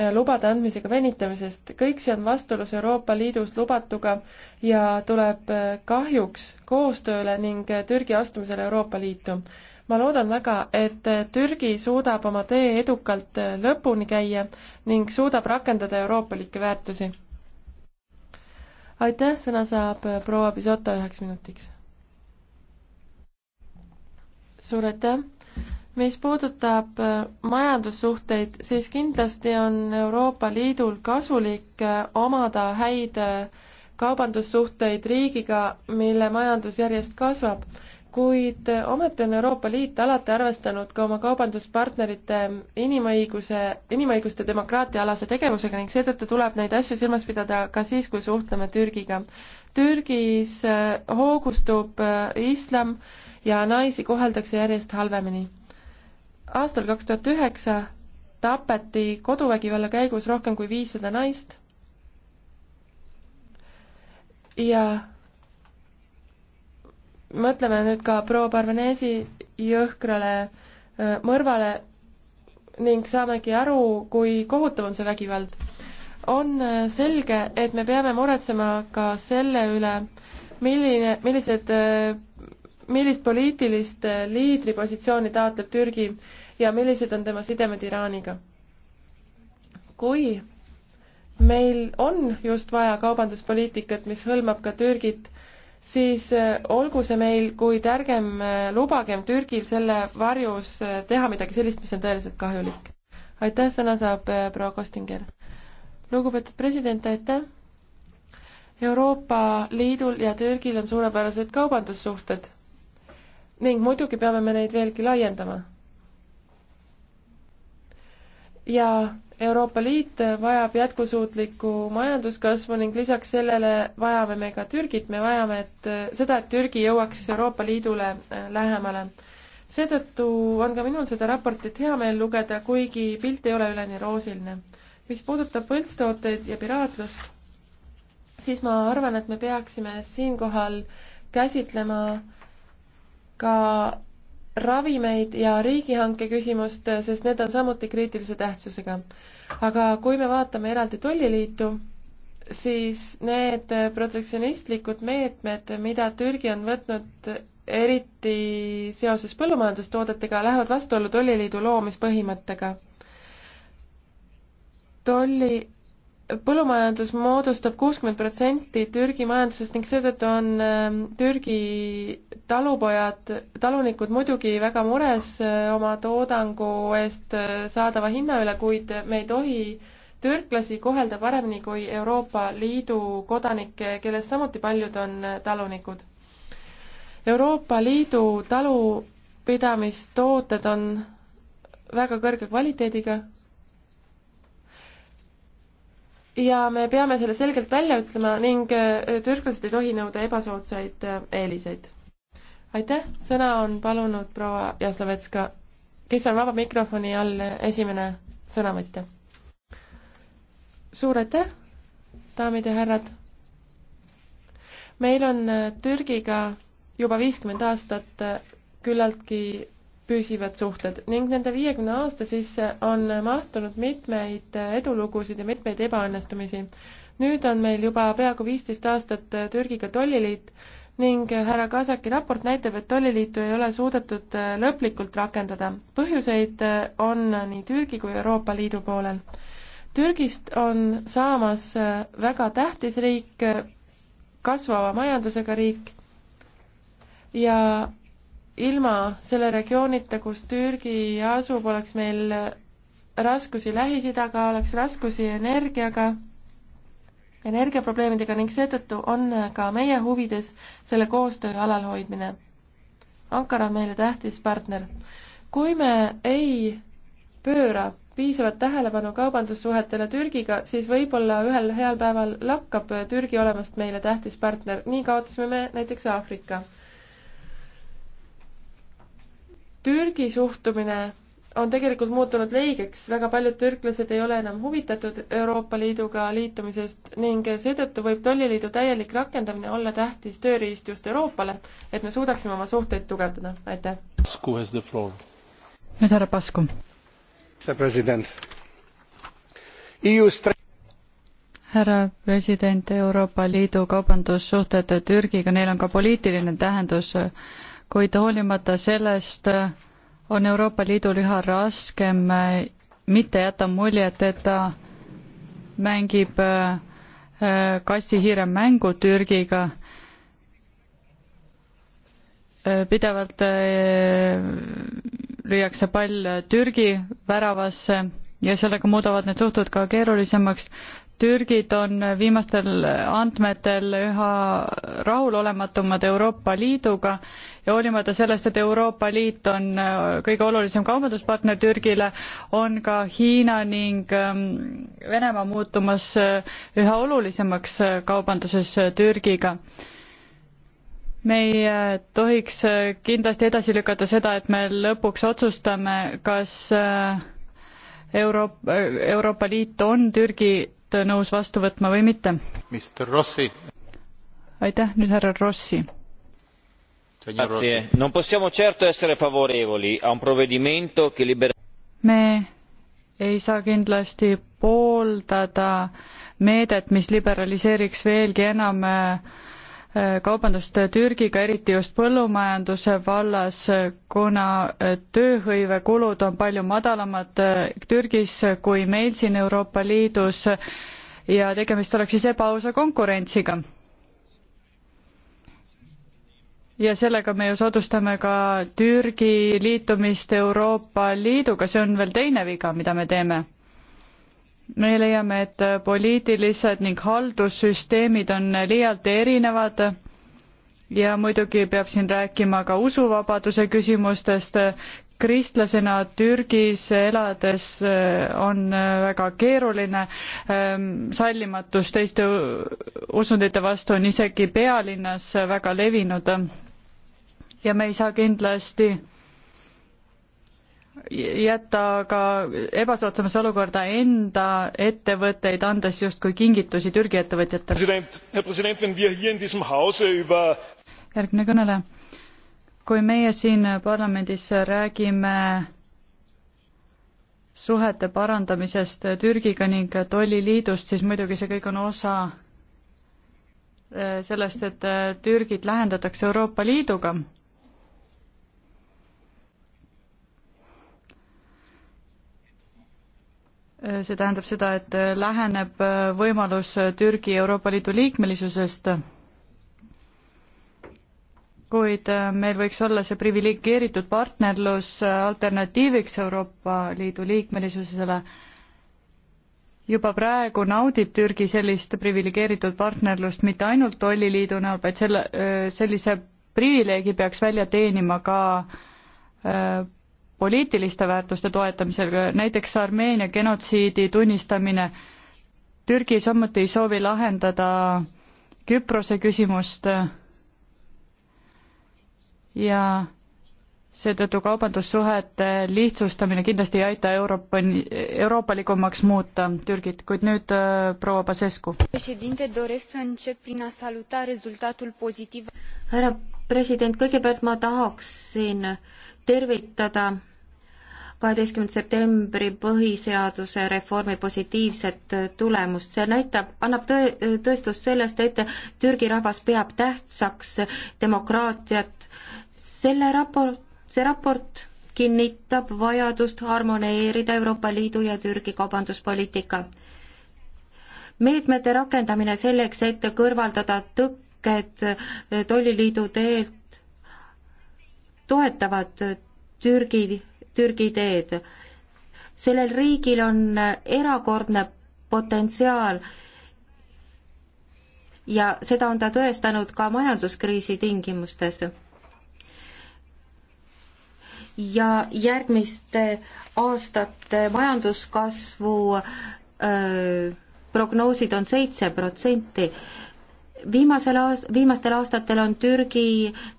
äh, lubade andmisega venitamisest. kõik see on vastuolus Euroopa Liidus lubatuga ja tuleb äh, kahjuks koostööle ning äh, Türgi astumisele Euroopa Liitu. ma loodan väga, et Türgi suudab oma tee edukalt lõpuni käia ning suudab rakendada euroopalikke väärtusi. aitäh, sõna saab proua Pisoto üheks minutiks. suur aitäh mis puudutab äh, majandussuhteid, siis kindlasti on Euroopa Liidul kasulik äh, omada häid äh, kaubandussuhteid riigiga, mille majandus järjest kasvab, kuid ometi on Euroopa Liit alati arvestanud ka oma kaubanduspartnerite inimõiguse, inimõiguste demokraatia alase tegevusega ning seetõttu tuleb neid asju silmas pidada ka siis, kui suhtleme Türgiga. Türgis hoogustub islam ja naisi koheldakse järjest halvemini aastal kaks tuhat üheksa tapeti koduvägivalla käigus rohkem kui viissada naist ja mõtleme nüüd ka proua Parvenesi jõhkrale mõrvale ning saamegi aru, kui kohutav on see vägivald. on selge, et me peame muretsema ka selle üle, milline, millised, millist poliitilist liidripositsiooni taotleb Türgi ja millised on tema sidemed Iraaniga. kui meil on just vaja kaubanduspoliitikat, mis hõlmab ka Türgit, siis äh, olgu see meil, kuid ärgem äh, lubagem Türgil selle varjus äh, teha midagi sellist, mis on tõeliselt kahjulik. aitäh, sõna saab proua Kostinger. lugupeetud president, aitäh! Euroopa Liidul ja Türgil on suurepärased kaubandussuhted ning muidugi peame me neid veelgi laiendama ja Euroopa Liit vajab jätkusuutlikku majanduskasvu ning lisaks sellele vajame me ka Türgit, me vajame, et seda, et Türgi jõuaks Euroopa Liidule äh, lähemale. seetõttu on ka minul seda raportit hea meel lugeda, kuigi pilt ei ole üleni roosiline. mis puudutab võltstooteid ja piraatlust, siis ma arvan, et me peaksime siinkohal käsitlema ka ravimeid ja riigihanke küsimust, sest need on samuti kriitilise tähtsusega. aga kui me vaatame eraldi tolliliitu, siis need protektsionistlikud meetmed, mida Türgi on võtnud eriti seoses põllumajandustoodetega, lähevad vastuollu tolliliidu loomispõhimõttega. tolli põllumajandus moodustab kuuskümmend protsenti Türgi majandusest ning seetõttu on ähm, Türgi talupojad, talunikud muidugi väga mures äh, oma toodangu eest äh, saadava hinna üle, kuid me ei tohi türklasi kohelda paremini kui Euroopa Liidu kodanikke, kellest samuti paljud on äh, talunikud. Euroopa Liidu talupidamistooted on väga kõrge kvaliteediga ja me peame selle selgelt välja ütlema ning äh, türklased ei tohi nõuda ebasoodsaid äh, eeliseid. aitäh, sõna on palunud proua Jaslovetska, kes on vaba mikrofoni all äh, esimene sõnavõtja. suur aitäh, daamid ja härrad. meil on Türgiga juba viiskümmend aastat küllaltki püsivad suhted ning nende viiekümne aasta sisse on mahtunud mitmeid edulugusid ja mitmeid ebaõnnestumisi. nüüd on meil juba peaaegu viisteist aastat Türgiga tolliliit ning härra Kasaki raport näitab, et tolliliitu ei ole suudetud lõplikult rakendada. põhjuseid on nii Türgi kui Euroopa Liidu poolel. Türgist on saamas väga tähtis riik, kasvava majandusega riik ja ilma selle regioonita, kus Türgi asub, oleks meil raskusi Lähis-Idaga, oleks raskusi energiaga, energiaprobleemidega ning seetõttu on ka meie huvides selle koostöö alalhoidmine. Ankara on meile tähtis partner. kui me ei pööra piisavat tähelepanu kaubandussuhetele Türgiga, siis võib-olla ühel heal päeval lakkab Türgi olemast meile tähtis partner, nii kaotasime me näiteks Aafrika Türgi suhtumine on tegelikult muutunud leigeks, väga paljud türklased ei ole enam huvitatud Euroopa Liiduga liitumisest ning seetõttu võib tolliliidu täielik rakendamine olla tähtis tööriist just Euroopale, et me suudaksime oma suhteid tugevdada, aitäh. nüüd härra Pasku. E härra president, Euroopa Liidu kaubandussuhted Türgiga, neil on ka poliitiline tähendus kuid hoolimata sellest on Euroopa Liidul üha raskem äh, mitte jätta muljet, et ta mängib äh, äh, kassi-hiire mängu Türgiga. pidevalt lüüakse pall Türgi väravasse ja sellega muudavad need suhted ka keerulisemaks türgid on viimastel andmetel üha rahulolematumad Euroopa Liiduga ja hoolimata sellest, et Euroopa Liit on äh, kõige olulisem kaubanduspartner Türgile, on ka Hiina ning ähm, Venemaa muutumas äh, üha olulisemaks äh, kaubanduses Türgiga me ei tohiks kindlasti edasi lükata seda, et me lõpuks otsustame, kas Euroopa, Euroopa Liit on Türgi raport nõus vastu võtma või mitte. aitäh, nüüd härra Rossi. Non possiamo certo essere favorevoli a un provvedimento che libera me ei saa kindlasti pooldada meedet, mis liberaliseeriks veelgi enam äh, kaubandust Türgiga, eriti just põllumajanduse vallas, kuna tööhõivekulud on palju madalamad Türgis kui meil siin Euroopa Liidus ja tegemist oleks siis ebaausa konkurentsiga. ja sellega me ju soodustame ka Türgi liitumist Euroopa Liiduga, see on veel teine viga, mida me teeme me leiame, et poliitilised ning haldussüsteemid on liialt erinevad ja muidugi peab siin rääkima ka usuvabaduse küsimustest. kristlasena Türgis elades äh, on äh, väga keeruline, ähm, sallimatus teiste usundite vastu on isegi pealinnas väga levinud ja me ei saa kindlasti jätta ka ebasoodsamasse olukorda enda ettevõtteid, andes justkui kingitusi Türgi ettevõtjatele. järgmine kõneleja. kui meie siin parlamendis räägime suhete parandamisest Türgiga ning tolliliidust, siis muidugi see kõik on osa eh, sellest, et eh, Türgit lähendatakse Euroopa Liiduga Äh, see tähendab seda, et äh, läheneb äh, võimalus Türgi Euroopa Liidu liikmelisusest, kuid meil võiks olla see priviligeeritud partnerlus alternatiiviks Euroopa Liidu liikmelisusele. juba praegu naudib Türgi sellist priviligeeritud partnerlust mitte ainult tolliliidu näol, vaid selle, sellise privileegi peaks välja teenima ka poliitiliste väärtuste toetamisel, näiteks Armeenia genotsiidi tunnistamine. Türgi samuti ei soovi lahendada Küprose küsimust ja seetõttu kaubandussuhete lihtsustamine kindlasti ei aita Euroopa, euroopalikumaks muuta Türgit, kuid nüüd äh, proua Pasescu. härra president, kõigepealt ma tahaksin tervitada kaheteistkümnenda septembri põhiseaduse reformi positiivset tulemust. see näitab, annab tõe, tõestust sellest, et Türgi rahvas peab tähtsaks demokraatiat. selle raport, see raport kinnitab vajadust harmoneerida Euroopa Liidu ja Türgi kaubanduspoliitika. meetmete rakendamine selleks, et kõrvaldada tõkked tolliliidu teelt, toetavad Türgi Türgi teed. sellel riigil on erakordne potentsiaal ja seda on ta tõestanud ka majanduskriisi tingimustes. ja järgmiste aastate majanduskasvu öö, prognoosid on seitse protsenti. viimasel aas-, viimastel aastatel on Türgi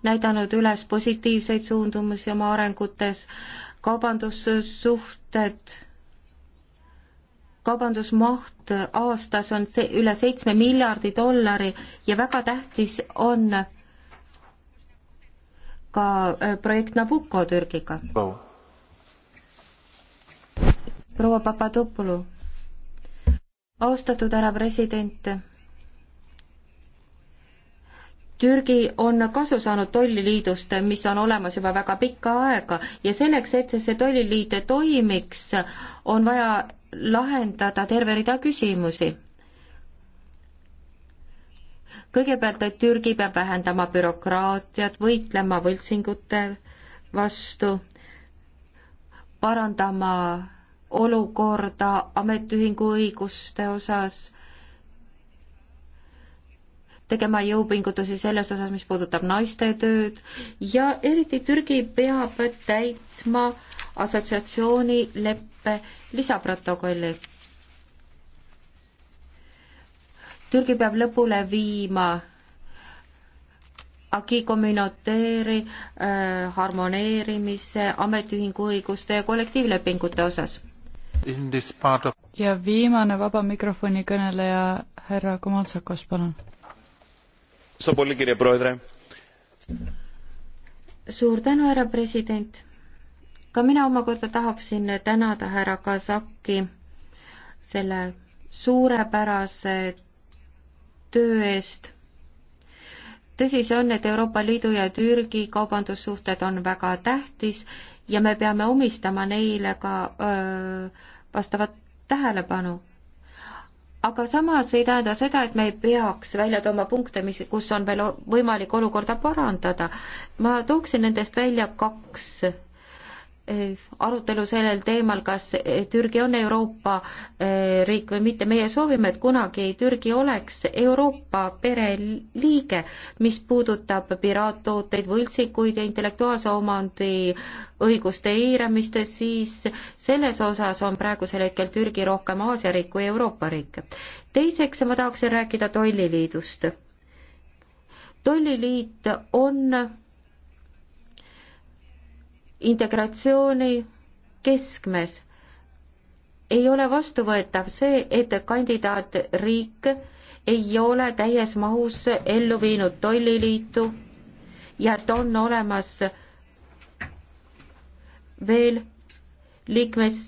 näidanud üles positiivseid suundumusi oma arengutes, kaubandussuhted, kaubandusmaht aastas on see üle seitsme miljardi dollari ja väga tähtis on ka äh, projekt Nabucco Türgiga oh.. proua Papadopoulou, austatud härra president Türgi on kasu saanud tolliliidust, mis on olemas juba väga pikka aega ja selleks, et see tolliliit toimiks, on vaja lahendada terve rida küsimusi kõigepealt, et Türgi peab vähendama bürokraatiat, võitlema võltsingute vastu, parandama olukorda ametiühingu õiguste osas tegema jõupingutusi selles osas, mis puudutab naiste tööd ja eriti Türgi peab täitma assotsiatsiooni leppe lisaprotokolli. Türgi peab lõpule viima agi kommunoteeri äh, harmoneerimise, ametiühingu õiguste ja kollektiivlepingute osas. Of... ja viimane vaba mikrofoni kõneleja, härra Komaltsakos, palun suur tänu, härra president. ka mina omakorda tahaksin tänada härra Kasaki selle suurepärase töö eest. tõsi see on, et Euroopa Liidu ja Türgi kaubandussuhted on väga tähtis ja me peame omistama neile ka öö, vastavat tähelepanu aga samas ei tähenda seda, et me ei peaks välja tooma punkte, mis, kus on veel võimalik olukorda parandada. ma tooksin nendest välja kaks arutelu sellel teemal, kas Türgi on Euroopa eh, riik või mitte. meie soovime, et kunagi Türgi oleks Euroopa pereliige, mis puudutab piraattooteid, võltsikuid ja intellektuaalse omandi õiguste eiramist, siis selles osas on praegusel hetkel Türgi rohkem Aasia riik kui Euroopa riik. teiseks ma tahaksin rääkida tolliliidust. tolliliit on integratsiooni keskmes. ei ole vastuvõetav see, et kandidaatriik ei ole täies mahus ellu viinud tolliliitu ja et on olemas veel liikmes,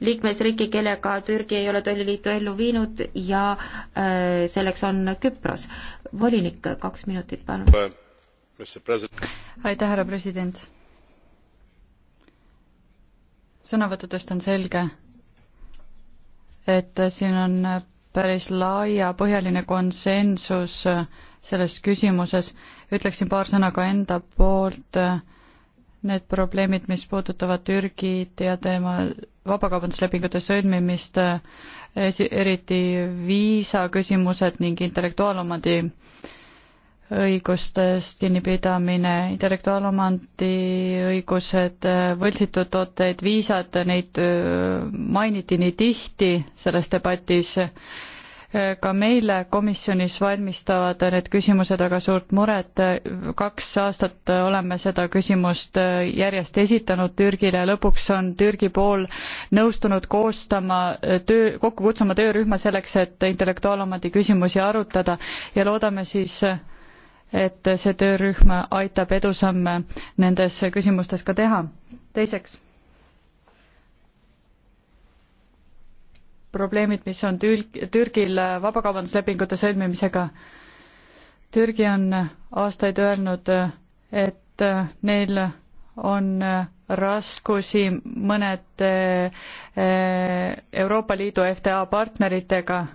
liikmesriiki, kellega Türgi ei ole tolliliitu ellu viinud ja äh, selleks on Küpros. volinik, kaks minutit, palun. Äh, aitäh, härra president sõnavõttudest on selge, et siin on päris laiapõhjaline konsensus selles küsimuses. ütleksin paar sõna ka enda poolt. Need probleemid, mis puudutavad Türgit ja tema vabakaubanduslepingute sõlmimist, eriti viisaküsimused ning intellektuaalomandi õigustest kinnipidamine, intellektuaalomandi õigused, võltsitud tooteid, viisad, neid mainiti nii tihti selles debatis. ka meile komisjonis valmistavad need küsimused väga suurt muret. kaks aastat oleme seda küsimust järjest esitanud Türgile ja lõpuks on Türgi pool nõustunud koostama töö, kokku kutsuma töörühma selleks, et intellektuaalomandi küsimusi arutada ja loodame siis et see töörühm aitab edusamme nendes küsimustes ka teha. teiseks, probleemid, mis on Tül-, Türgil vabakaubanduslepingute sõlmimisega. Türgi on aastaid öelnud, et neil on raskusi mõned eh, Euroopa Liidu FTA partneritega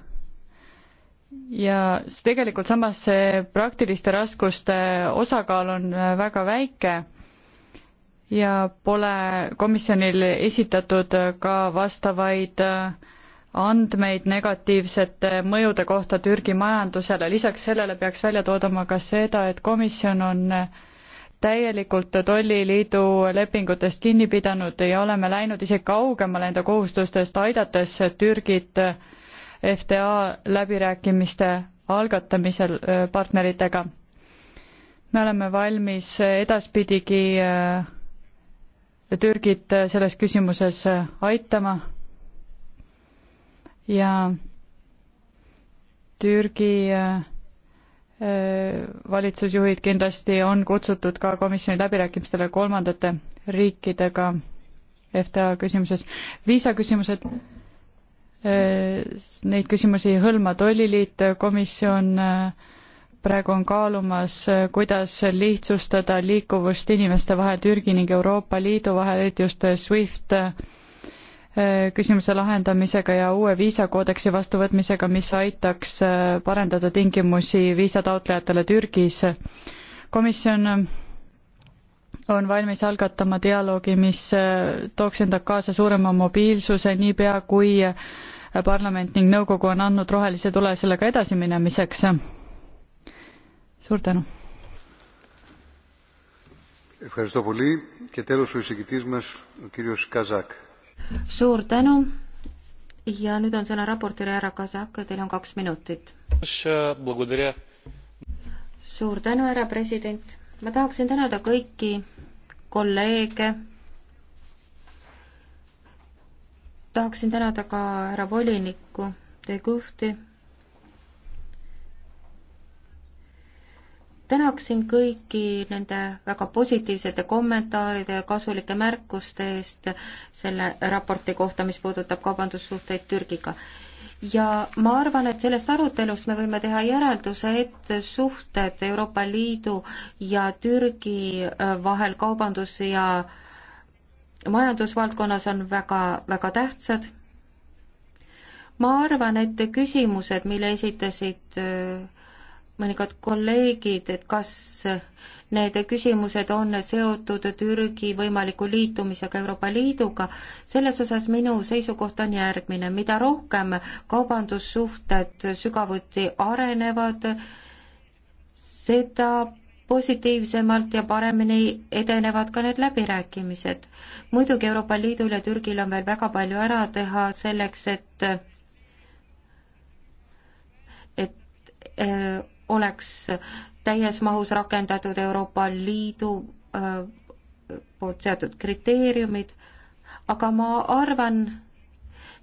ja tegelikult samas see praktiliste raskuste osakaal on äh, väga väike ja pole komisjonil esitatud äh, ka vastavaid äh, andmeid negatiivsete mõjude kohta Türgi majandusele, lisaks sellele peaks välja toodama ka seda, et komisjon on täielikult tolliliidu lepingutest kinni pidanud ja oleme läinud isegi kaugemale enda kohustustest, aidates Türgit äh, FTA läbirääkimiste algatamisel partneritega. me oleme valmis edaspidigi Türgit selles küsimuses aitama ja Türgi valitsusjuhid kindlasti on kutsutud ka komisjoni läbirääkimistele kolmandate riikidega FTA küsimuses. viisaküsimused Äh, neid küsimusi ei hõlma tolliliit, komisjon äh, praegu on kaalumas, äh, kuidas lihtsustada liikuvust inimeste vahel Türgi ning Euroopa Liidu vahel, eriti just SWIFT küsimuse lahendamisega ja uue viisakoodeksi vastuvõtmisega, mis aitaks parendada tingimusi viisataotlejatele Türgis. komisjon on valmis algatama dialoogi, mis tooks enda kaasa suurema mobiilsuse niipea, kui parlament ning nõukogu on andnud rohelise tule sellega edasiminemiseks. suur tänu. suur tänu ja nüüd on sõna raportööri härra Kasak, teil on kaks minutit. suur tänu, härra president. ma tahaksin tänada kõiki kolleege tahaksin tänada ka härra volinikku, teie kõhti. tänaksin kõiki nende väga positiivsete kommentaaride ja kasulike märkuste eest selle raporti kohta, mis puudutab kaubandussuhteid Türgiga ja ma arvan, et sellest arutelust me võime teha järelduse, et suhted Euroopa Liidu ja Türgi äh, vahel kaubandus- ja majandusvaldkonnas on väga, väga tähtsad. ma arvan, et küsimused, mille esitasid äh, mõningad kolleegid, et kas need küsimused on seotud Türgi võimaliku liitumisega Euroopa Liiduga, selles osas minu seisukoht on järgmine, mida rohkem kaubandussuhted sügavuti arenevad, seda positiivsemalt ja paremini edenevad ka need läbirääkimised. muidugi Euroopa Liidul ja Türgil on veel väga palju ära teha selleks, et et öö, äh, oleks täies mahus rakendatud Euroopa Liidu öö, äh, poolt seatud kriteeriumid, aga ma arvan,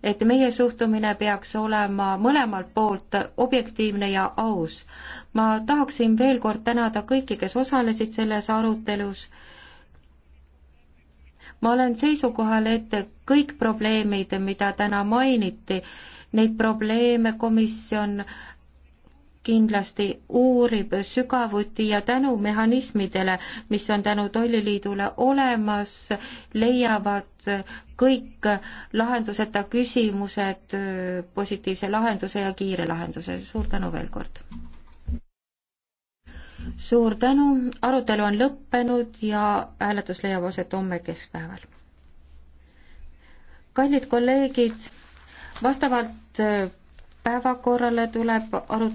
et meie suhtumine peaks olema mõlemalt poolt objektiivne ja aus. ma tahaksin veel kord tänada kõiki, kes osalesid selles arutelus. ma olen seisukohal, et kõik probleemid, mida täna mainiti, neid probleeme komisjon äh, kindlasti uurib sügavuti ja tänu mehhanismidele, mis on tänu Tolliliidule olemas, leiavad kõik lahenduseta küsimused positiivse lahenduse ja kiire lahenduse. suur tänu veel kord! suur tänu, arutelu on lõppenud ja hääletus leiab aset homme keskpäeval. kallid kolleegid, vastavalt päevakorrale tuleb arut-,